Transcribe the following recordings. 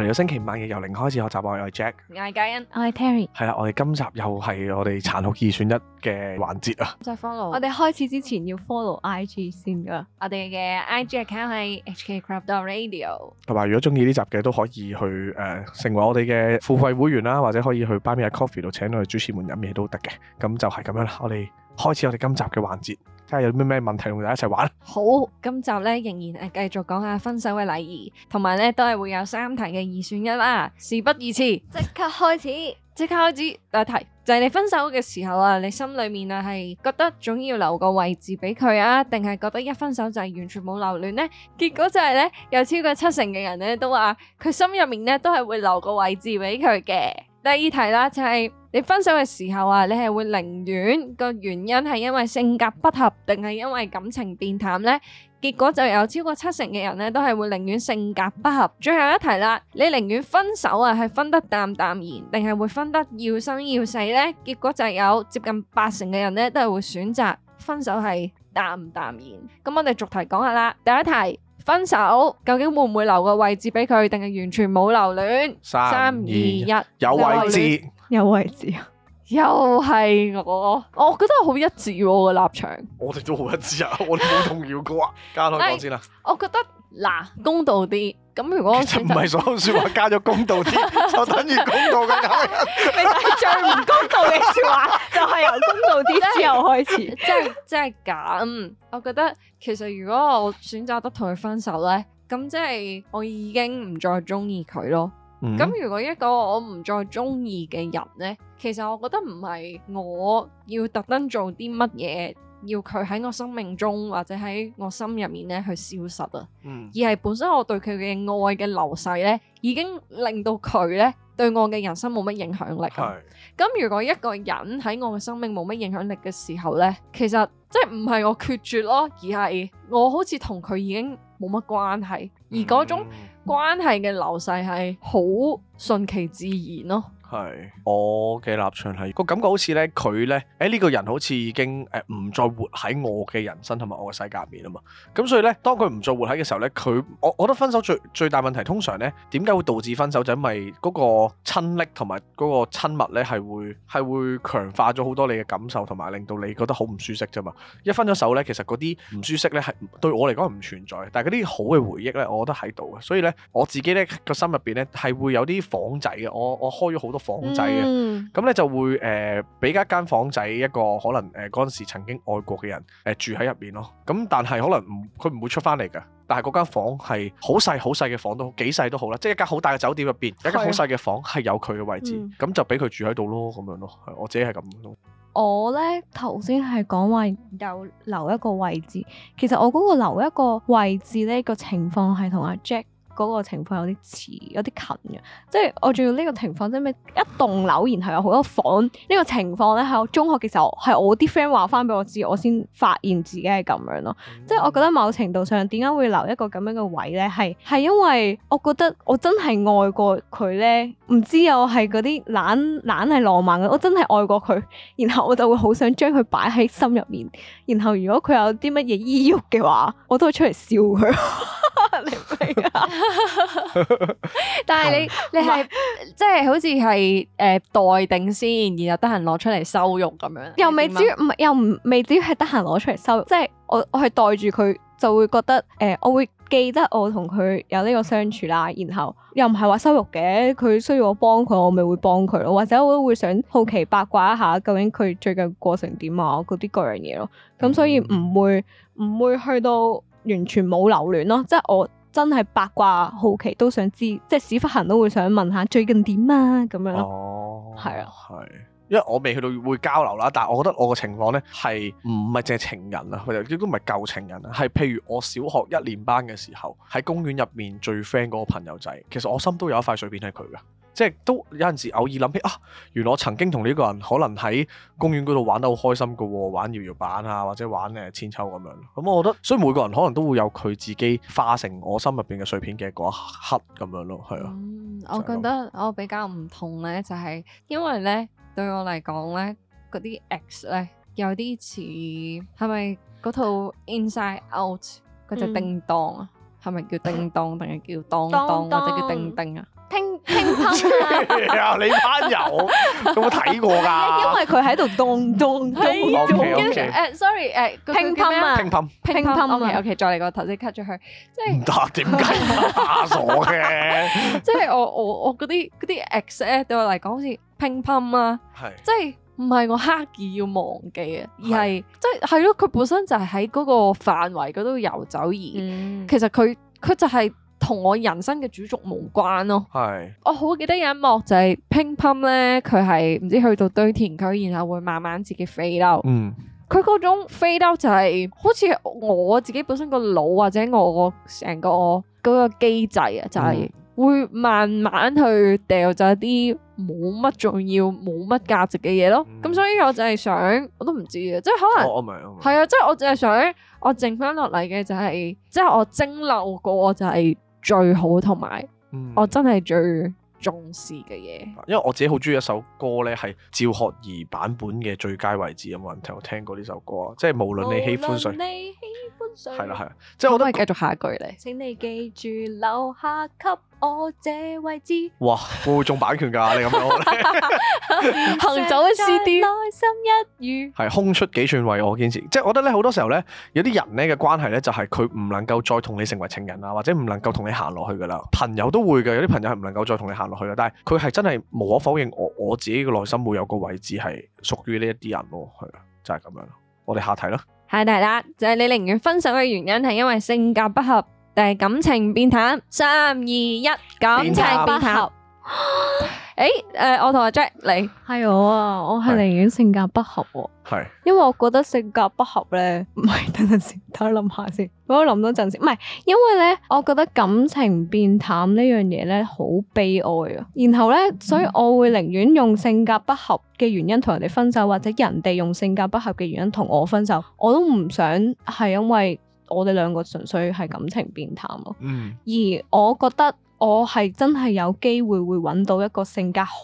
嚟到星期晚嘅由零開始學習愛，我係 Jack，我係嘉欣，我係 Terry。係啦，我哋今集又係我哋殘酷二選一嘅環節啊！再 follow 我哋開始之前要 follow I G 先噶，我哋嘅 I G account 係 H K Crop Radio。同埋，如果中意呢集嘅都可以去誒、呃、成為我哋嘅付費會員啦，或者可以去 Buy Me a Coffee 度請我哋主持們飲嘢都得嘅。咁就係咁樣啦，我哋開始我哋今集嘅環節。睇下有啲咩問題同大家一齊玩。好，今集咧仍然誒、繼續講下分手嘅禮儀，同埋咧都係會有三題嘅二選一啦。事不宜遲，即刻開始，即刻開始。第一題就係你分手嘅時候啊，你心裏面啊係覺得總要留個位置俾佢啊，定係覺得一分手就係完全冇留戀咧？結果就係咧有超過七成嘅人咧都話佢心入面咧都係會留個位置俾佢嘅。第二題啦，就係你分手嘅時候啊，你係會寧願個原因係因為性格不合，定係因為感情變淡呢？結果就有超過七成嘅人呢都係會寧願性格不合。最後一題啦，你寧願分手啊，係分得淡淡然，定係會分得要生要死呢？結果就有接近八成嘅人呢都係會選擇分手係淡淡然。咁我哋逐題講下啦，第一題。分手究竟會唔會留個位置俾佢，定係完全冇留戀？三二一，有位置，戀有位置啊！ 又係我哥哥，我覺得好一致我嘅立場。我哋都好一致啊！我哋冇動搖過， 啊、 加多講先啦。 我覺得嗱，公道啲。咁如果唔係所有説話加咗公道啲， 就等於公道嘅。你 最唔公道嘅説話，就係、是、由公道啲之後開始。即係即係咁，我覺得其實如果我選擇得同佢分手咧，咁即係我已經唔再中意佢咯。咁、嗯、如果一個我唔再中意嘅人咧，其實我覺得唔係我要特登做啲乜嘢。要佢喺我生命中或者喺我心入面咧去消失啊，嗯，而係本身我對佢嘅愛嘅流逝咧，已經令到佢咧對我嘅人生冇乜影響力。係咁，如果一個人喺我嘅生命冇乜影響力嘅時候咧，其實即係唔係我決絕咯，而係我好似同佢已經冇乜關係，而嗰種關係嘅流逝係好順其自然咯。係，我嘅立場係個感覺好似咧，佢咧，誒呢個人好似已經誒唔再活喺我嘅人生同埋我嘅世界入面啊嘛。咁所以咧，當佢唔再活喺嘅時候咧，佢我我覺得分手最最大問題通常咧，點解會導致分手就係因為嗰個親暱同埋嗰個親密咧係會係會強化咗好多你嘅感受同埋令到你覺得好唔舒適啫嘛。一分咗手咧，其實嗰啲唔舒適咧係對我嚟講唔存在，但係嗰啲好嘅回憶咧，我覺得喺度嘅。所以咧，我自己咧個心入邊咧係會有啲房仔嘅，我我開咗好多房仔嘅，咁咧、嗯、就會誒俾、呃、一間房仔一個可能誒嗰陣時曾經愛過嘅人誒、呃、住喺入邊咯。咁但係可能唔佢唔會出翻嚟嘅。但係嗰間房係好細好細嘅房都幾細都好啦，即係一間好大嘅酒店入邊，啊、一間好細嘅房係有佢嘅位置，咁、嗯、就俾佢住喺度咯，咁樣咯。我自己係咁。我咧頭先係講話有留一個位置，其實我嗰個留一個位置呢個情況係同阿 Jack。嗰個情況有啲似，有啲近嘅，即係我仲要呢個情況，即係咩一棟樓，然後有好多房。呢個情況咧喺我中學嘅時候，係我啲 friend 話翻俾我知，我先發現自己係咁樣咯。即係、嗯、我覺得某程度上，點解會留一個咁樣嘅位咧？係係因為我覺得我真係愛過佢咧，唔知又係嗰啲懶懶係浪漫嘅，我真係愛過佢，然後我就會好想將佢擺喺心入面。然後如果佢有啲乜嘢衣郁嘅話，我都會出嚟笑佢。 但係你 是你係即係好似係誒待定先，然後得閒攞出嚟羞辱咁又沒 樣，至於又未只唔又唔未至只係得閒攞出嚟羞辱，即、就、係、是、我我係待住佢就會覺得誒、呃，我會記得我同佢有呢個相處啦，然後又唔係話羞辱嘅，佢需要我幫佢，我咪會幫佢咯，或者我都會想好奇八卦一下究竟佢最近過成點啊嗰啲各樣嘢咯，咁所以唔會唔、嗯、會去到。完全冇留戀咯，即係我真係八卦好奇都想知，即係屎忽痕都會想問下最近點啊咁樣咯，係啊。係、哦啊，因為我未去到會交流啦，但係我覺得我個情況呢，係唔係淨係情人啊，或者亦都唔係舊情人啊，係譬如我小學一年班嘅時候喺公園入面最 friend 嗰個朋友仔，其實我心都有一塊碎片係佢嘅。即係都有陣時偶爾諗起啊，原來我曾經同呢個人可能喺公園嗰度玩得好開心嘅喎，玩搖搖板啊，或者玩誒韆鞦咁樣。咁、嗯、我覺得，所以每個人可能都會有佢自己化成我心入邊嘅碎片嘅嗰一刻咁樣咯，係啊。就是、嗯，我覺得我比較唔同咧，就係因為咧對我嚟講咧，嗰啲 X 咧有啲似係咪嗰套 Inside Out 嗰隻叮當啊？係咪、嗯、叫叮當定係叫當當或者叫叮叮啊？乒乓啊！你班友有冇睇過噶？因為佢喺度咚咚咚 ok ok 誒，sorry，誒，乒乓啊！乒乓，乒乓，ok 再嚟個頭先 cut 咗佢，即係唔得，點解打傻嘅？即係我我我嗰啲嗰啲 ex 對我嚟講好似乒乓啊，即係唔係我刻意要忘記啊，而係即係係咯，佢本身就係喺嗰個範圍嗰度游走而，其實佢佢就係。同我人生嘅主軸無關咯，係是，我好記得有一幕就係乒乓咧，佢係唔知去到堆填區，然後會慢慢自己 fade out 嗯，佢嗰種 fade out 就係、是、好似我自己本身個腦或者我成個嗰、那個機制啊、就是，就係、嗯、會慢慢去掉咗一啲冇乜重要冇乜價值嘅嘢咯，咁、嗯、所以我就係想，我都唔知啊，即係可能，係、哦、啊，即、就、係、是、我淨係想，我剩翻落嚟嘅就係、是，即、就、係、是、我蒸餾過就係、是。最好同埋，我真係最重視嘅嘢、嗯，因為我自己好中意一首歌咧，係趙學而版本嘅最佳位置，有冇人聽？我聽過呢首歌啊？即係無論你喜歡誰，你喜歡誰，係啦係啊，即係我都係繼續下一句咧，請你記住留低。我這位置，哇！我會唔會中版權噶？ 你咁樣，行走一師弟，係空出幾寸位我堅持，即係我覺得咧，好多時候咧，有啲人咧嘅關係咧，就係佢唔能夠再同你成為情人啊，或者唔能夠同你行落去噶啦。朋友都會噶，有啲朋友係唔能夠再同你行落去噶，但係佢係真係無可否認我，我我自己嘅內心會有個位置係屬於呢一啲人咯，係啊，就係咁樣。我哋下題啦，下題啦，就係你寧願分手嘅原因係因為性格不合。係感情變淡，三二一，感情變淡。誒，誒，我同阿 Jack 嚟，係我啊，我係寧願性格不合。係，因為我覺得性格不合咧，唔係，等陣先，等我諗下先，我諗多陣先。唔係，因為咧，我覺得感情變淡呢樣嘢咧好悲哀啊。然後咧，所以我會寧願用性格不合嘅原因同人哋分手，或者人哋用性格不合嘅原因同我分手，我都唔想係因為。我哋兩個純粹係感情變淡咯，嗯，而我覺得我係真係有機會會揾到一個性格好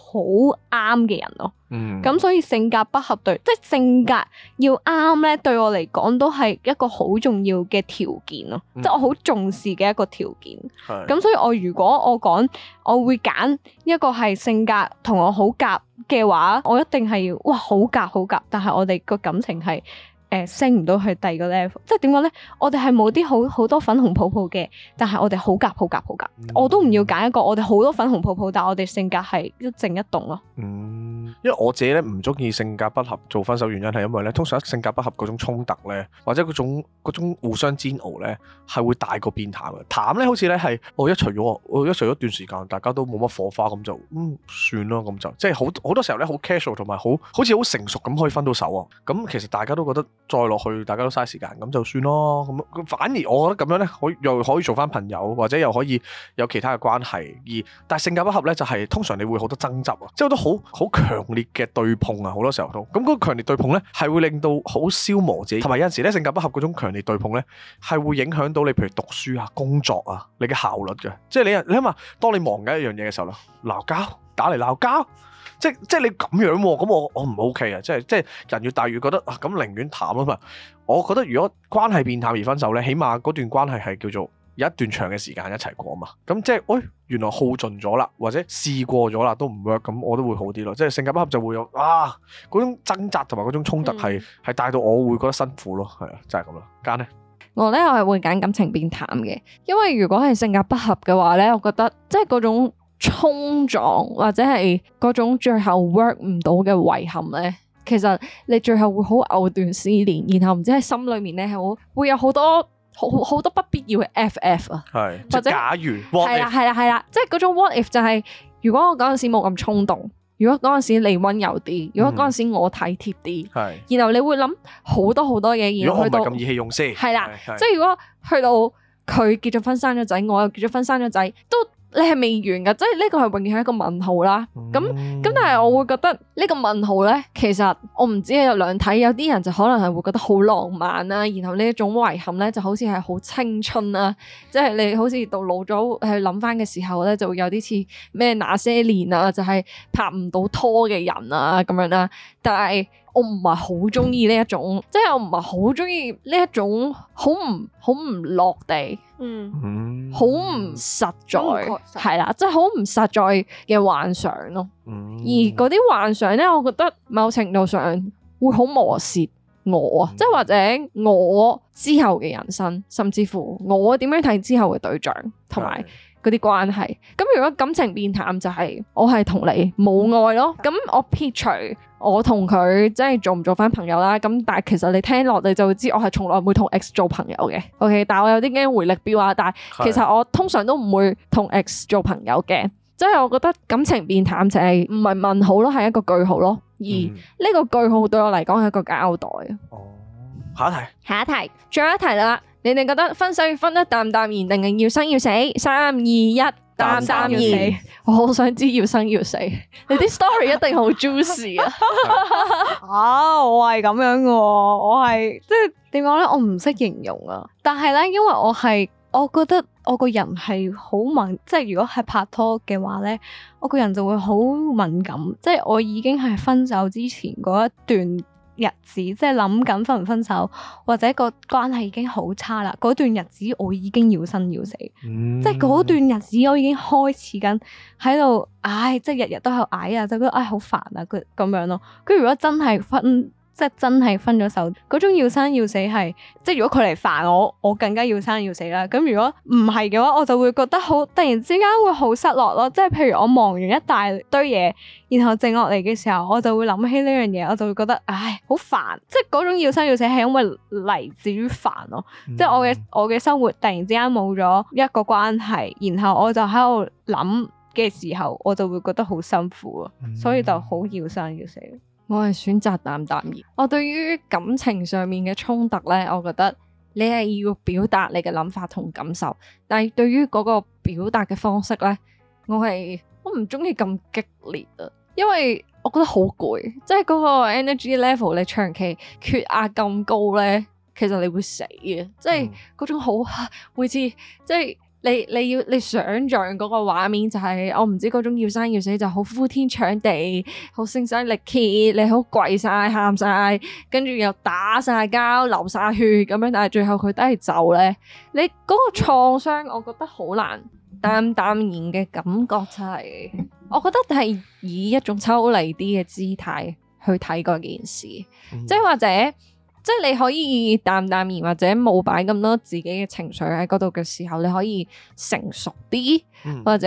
啱嘅人咯，嗯，咁所以性格不合對，即係性格要啱呢，對我嚟講都係一個好重要嘅條件咯，嗯，即係我好重視嘅一個條件。咁所以我如果我講我會揀一個係性格同我好夾嘅話，我一定係要哇好夾好夾，但係我哋個感情係。誒、呃、升唔到去第二個 level，即係點講咧？我哋係冇啲好好多粉紅泡泡嘅，但係我哋好夾好夾好夾，我都唔要揀一個。我哋好多粉紅泡泡，但係我哋性格係一靜一動咯。嗯。因為我自己咧唔中意性格不合做分手原因係因為咧通常性格不合嗰種衝突咧或者嗰種嗰種互相煎熬咧係會大過變淡嘅淡咧好似咧係我一除咗我、哦、一除咗段時間大家都冇乜火花咁就嗯算咯咁就即係好好多時候咧 cas 好 casual 同埋好好似好成熟咁可以分到手啊咁其實大家都覺得再落去大家都嘥時間咁就算咯咁反而我覺得咁樣咧可又可以做翻朋友或者又可以有其他嘅關係而但係性格不合咧就係、是、通常你會好多爭執啊即係都好好強。強烈嘅對碰啊，好多時候都咁嗰、嗰個強烈對碰呢，係會令到好消磨自己，同埋有陣時咧性格不合嗰種強烈對碰呢，係會影響到你，譬如讀書啊、工作啊，你嘅效率嘅、啊，即係你你諗下，當你忙緊一樣嘢嘅時候咧，鬧交打嚟鬧交，即係即係你咁樣、啊，咁我我唔 OK 啊，即係即係人越大越覺得啊，咁寧願淡啊嘛，我覺得如果關係變淡而分手呢，起碼嗰段關係係叫做一段長嘅時間一齊過嘛，咁即係，誒、哎，原來耗盡咗啦，或者試過咗啦都唔 work，咁我都會好啲咯。即係性格不合就會有啊嗰種掙扎同埋嗰種衝突係係帶到我會覺得辛苦咯，係啊，就係咁啦。間呢，呢，我咧我係會揀感情變淡嘅，因為如果係性格不合嘅話咧，我覺得即係嗰種衝撞或者係嗰種最後 work 唔到嘅遺憾咧，其實你最後會好藕斷絲連，然後唔知喺心裏面咧係好會有好多。好好多不必要嘅 ff 啊，或者假如係啦係啦係啦，即係嗰種 what if 就係、是，如果我嗰陣時冇咁衝動，如果嗰陣時你溫柔啲，如果嗰陣時我體貼啲，嗯、然後你會諗好多好多嘢，如果唔係咁意氣用事，係啦，啊、即係如果去到佢結咗婚生咗仔，我又結咗婚生咗仔，都。你係未完噶？即係呢個係永遠係一個問號啦。咁咁、嗯，但係我會覺得呢個問號咧，其實我唔知有兩睇，有啲人就可能係會覺得好浪漫啦、啊，然後呢一種遺憾咧，就好似係好青春啊，即、就、係、是、你好似到老咗，係諗翻嘅時候咧，就會有啲似咩那些年啊，就係、是、拍唔到拖嘅人啊咁樣啦，但係。我唔係好中意呢一種，嗯、即係我唔係好中意呢一種好唔好唔落地，嗯，好唔實在，係啦、嗯，即係好唔實在嘅幻想咯。嗯、而嗰啲幻想呢，我覺得某程度上會好磨蝕我啊，嗯、即係或者我之後嘅人生，甚至乎我點樣睇之後嘅對象同埋嗰啲關係。咁對 如果感情變淡，就係我係同你冇愛咯，咁對 我撇除。我同佢真係做唔做翻朋友啦？咁但係其實你聽落你就會知我係從來唔會同 ex 做朋友嘅。O K，但係我有啲驚回力鏢啊！但係其實我通常都唔會同 ex 做朋友嘅。即係我覺得感情變淡就係唔係問號咯，係一個句號咯。而呢個句號對我嚟講係一個交代。哦，下一題。下一題，最後一題啦！你哋覺得分手要分得淡淡然，定係要生要死？三二一。要， 要生要死，我好想知要生要死。你啲 story 一定好 juicy 啊！啊，我係咁樣嘅，啊，我係即係點講咧？我唔識形容啊。但係咧，因為我係，我覺得我個人係好敏，即係如果係拍拖嘅話咧，我個人就會好敏感。即係我已經係分手之前嗰一段。日子即係諗緊分唔分手，或者個關係已經好差啦。嗰段日子我已經要生要死，嗯、即係嗰段日子我已經開始緊喺度，唉，即係日日都喺度嗌啊，就覺得唉好煩啊，佢咁樣咯。佢如果真係分。即係真係分咗手，嗰種要生要死係，即係如果佢嚟煩我，我更加要生要死啦。咁如果唔係嘅話，我就會覺得好突然之間會好失落咯。即係譬如我忙完一大堆嘢，然後靜落嚟嘅時候，我就會諗起呢樣嘢，我就會覺得唉，好煩。即係嗰種要生要死係因為嚟自於煩咯。嗯、即係我嘅我嘅生活突然之間冇咗一個關係，然後我就喺度諗嘅時候，我就會覺得好辛苦咯，嗯、所以就好要生要死。我係選擇淡淡然。我對於感情上面嘅衝突呢，我覺得你係要表達你嘅諗法同感受，但係對於嗰個表達嘅方式呢，我係，我唔中意咁激烈啊，因為我覺得好攰，即係嗰個 energy level 你長期血壓咁高呢，其實你會死嘅，即係嗰種好，每次，即係。嗯 你你要你想象嗰個畫面就係、是、我唔知嗰種要生要死，就好呼天搶地，好聲嘶力竭，你好跪晒喊晒，跟住又打晒交，流晒血咁樣，但係最後佢都係走咧。你嗰個創傷我淡淡、就是，我覺得好難淡淡然嘅感覺，就係我覺得係以一種抽離啲嘅姿態去睇嗰件事，嗯、即係或者。即係你可以淡淡然，或者冇擺咁多自己嘅情緒喺嗰度嘅時候，你可以成熟啲，嗯、或者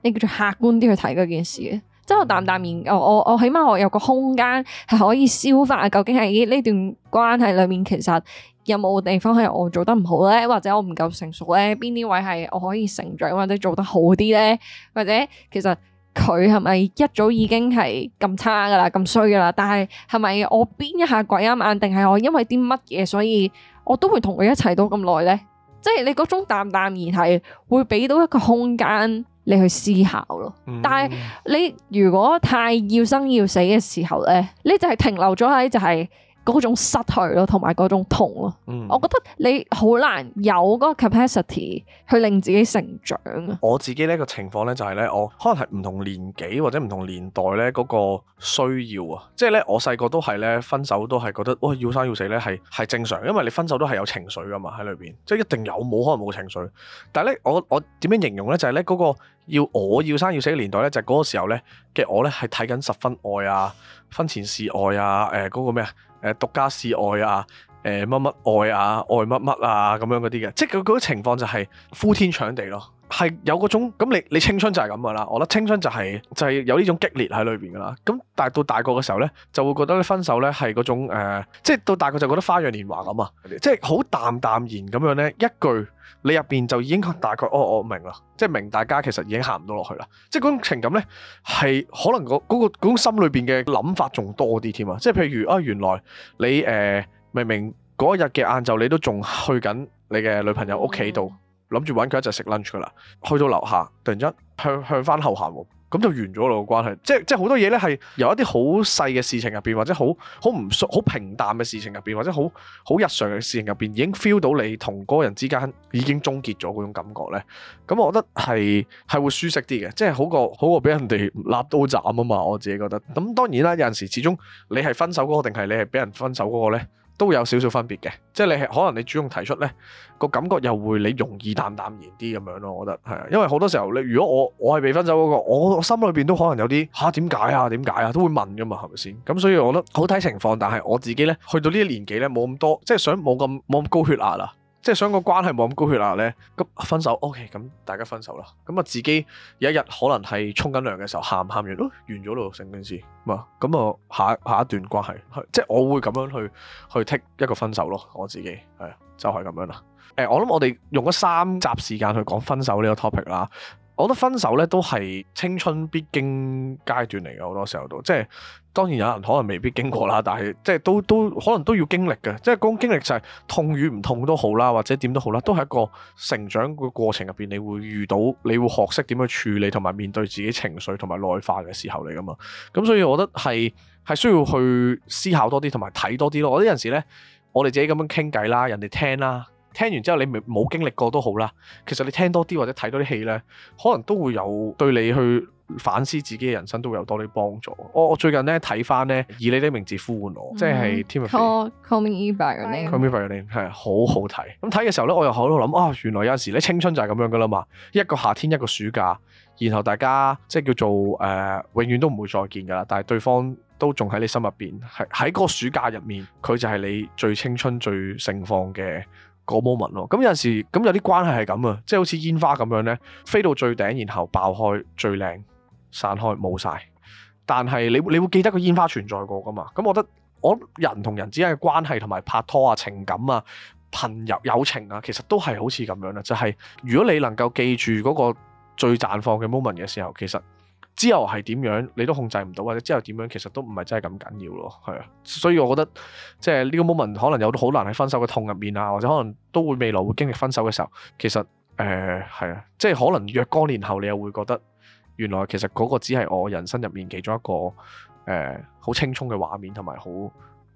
你叫做客觀啲去睇嗰件事。即係我淡淡然，我我我起碼我有個空間係可以消化究竟係呢段關係裏面，其實有冇地方係我做得唔好咧，或者我唔夠成熟咧，邊啲位係我可以成長或者做得好啲咧，或者其實。佢係咪一早已經係咁差噶啦，咁衰噶啦？但係係咪我邊一下鬼揞眼？定係我因為啲乜嘢，所以我都會同佢一齊到咁耐咧？即係你嗰種淡淡而係會俾到一個空間你去思考咯。但係你如果太要生要死嘅時候咧，你就係停留咗喺就係。嗰種失去咯，同埋嗰種痛咯。嗯，我覺得你好難有嗰個 capacity 去令自己成長啊。我自己呢個情況呢，就係呢，我可能係唔同年紀或者唔同年代呢，嗰個需要啊。即係呢，我細個都係呢，分手都係覺得哇要生要死呢係係正常，因為你分手都係有情緒㗎嘛喺裏邊，即係一定有冇可能冇情緒。但係呢，我我點樣形容呢？就係呢，嗰個要我要生要死嘅年代呢，就係嗰個時候呢嘅我呢係睇緊十分愛啊、婚前試愛啊、誒、呃、嗰個咩？誒，呃，獨家示愛啊，誒乜乜愛啊，愛乜乜啊，咁樣嗰啲嘅，即係佢嗰啲情況就係呼天搶地咯。係有嗰種咁，你你青春就係咁噶啦，我覺得青春就係、是、就係、是、有呢種激烈喺裏邊噶啦。咁但係到大個嘅時候呢，就會覺得呢，分手呢係嗰種誒、呃，即係到大個就覺得花樣年華咁啊，即係好淡淡然咁樣呢，一句你入邊就已經大概哦，我明啦，即係明大家其實已經行唔到落去啦。即係嗰種情感呢，係可能，那個嗰、那個嗰種心裏邊嘅諗法仲多啲添啊。即係譬如啊，哎，原來你誒、呃、明明嗰日嘅晏晝你都仲去緊你嘅女朋友屋企度。嗯諗住搵佢一齊食 lunch 㗎喇，去到樓下突然之間向向翻後行，咁就完咗咯，個關係。即係即係好多嘢呢，係由一啲好細嘅事情入邊，或者好好唔熟、好平淡嘅事情入邊，或者好好日常嘅事情入邊，已經 feel 到你同嗰個人之間已經終結咗嗰種感覺呢。咁我覺得係係會舒適啲嘅，即係好過好過俾人哋揦刀斬啊嘛。我自己覺得。咁當然啦，有陣時始終你係分手嗰個，定係你係俾人分手嗰個呢？都有少少分別嘅，即係你可能你主動提出呢個，感覺又會你容易淡淡然啲咁樣咯，我覺得係啊，因為好多時候你如果我我係被分手嗰、那個，我心裏邊都可能有啲吓，點解啊點解啊，啊都會問噶嘛，係咪先？咁所以我覺得好睇情況，但係我自己呢，去到呢啲年紀呢，冇咁多，即係想冇咁冇咁高血壓啦。即係想個關係冇咁高血壓呢，咁分手，OK，咁大家分手啦。咁啊，自己有一日可能係沖緊涼嘅時候喊，喊完，哦，完咗咯，成件事。嘛，咁啊下下一段關係，即係我會咁樣去去剔一個分手咯。我自己係就係、是、咁樣啦。誒、欸，我諗我哋用咗三集時間去講分手呢個 topic 啦。我覺得分手咧，都係青春必經階段嚟嘅，好多時候都，即係當然有人可能未必經過啦，但係即係都都可能都要經歷嘅。即係講經歷就係痛與唔痛都好啦，或者點都好啦，都係一個成長嘅過程入邊，你會遇到，你會學識點去處理同埋面對自己情緒同埋內化嘅時候嚟㗎嘛。咁所以我覺得係係需要去思考多啲同埋睇多啲咯。我覺得有陣時呢，我哋自己咁樣傾偈啦，人哋聽啦。聽完之後，你冇經歷過都好啦。其實你聽多啲或者睇多啲戲呢，可能都會有對你去反思自己嘅人生都會有多啲幫助。我我最近呢，睇翻呢《以你的名字呼喚我》嗯，即係《Call Call Me By Your Name, by your name》，係好好睇。咁睇嘅時候呢，我又喺度諗啊，原來有時咧青春就係咁樣噶啦嘛。一個夏天，一個暑假，然後大家即係叫做誒、呃，永遠都唔會再見噶啦。但係對方都仲喺你心入邊，係喺嗰個暑假入面，佢就係你最青春、最盛放嘅個 moment 咯，咁有陣時，咁有啲關係係咁啊，即係好似煙花咁樣呢，飛到最頂然後爆開，最靚散開冇晒。但係你你會記得個煙花存在過噶嘛？咁我覺得我人同人之間嘅關係同埋拍拖啊、情感啊、朋友友情啊，其實都係好似咁樣啦。就係、是、如果你能夠記住嗰個最綻放嘅 moment 嘅時候，其實。之後係點樣，你都控制唔到，或者之後點樣，其實都唔係真係咁緊要咯，係啊，所以我覺得即係呢個 moment 可能有好難喺分手嘅痛入面啊，或者可能都會未來會經歷分手嘅時候，其實誒係啊，即係可能若干年後你又會覺得原來其實嗰個只係我人生入面其中一個誒好青蔥嘅畫面同埋好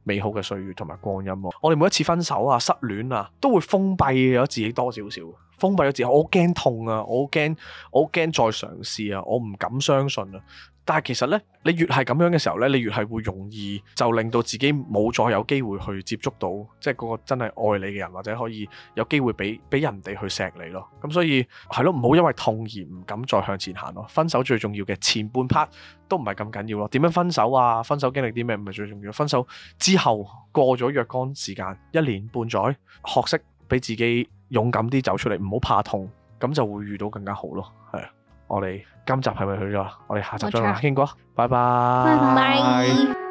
美好嘅歲月同埋光陰咯，我哋每一次分手啊、失戀啊，都會封閉咗自己多少少，封閉咗自己。我好驚痛啊，我好驚，我好驚再嘗試啊，我唔敢相信啊。但係其實呢，你越係咁樣嘅時候呢，你越係會容易就令到自己冇再有機會去接觸到，即係嗰個真係愛你嘅人，或者可以有機會俾俾人哋去錫你咯。咁所以係咯，唔好因為痛而唔敢再向前行咯。分手最重要嘅前半 part 都唔係咁緊要咯。點樣分手啊？分手經歷啲咩唔係最重要。分手之後過咗若干時間，一年半載，學識俾自己勇敢啲走出嚟，唔好怕痛，咁就會遇到更加好咯。係。我哋今集係咪去咗？我哋下集再傾過，拜拜。Bye bye bye bye.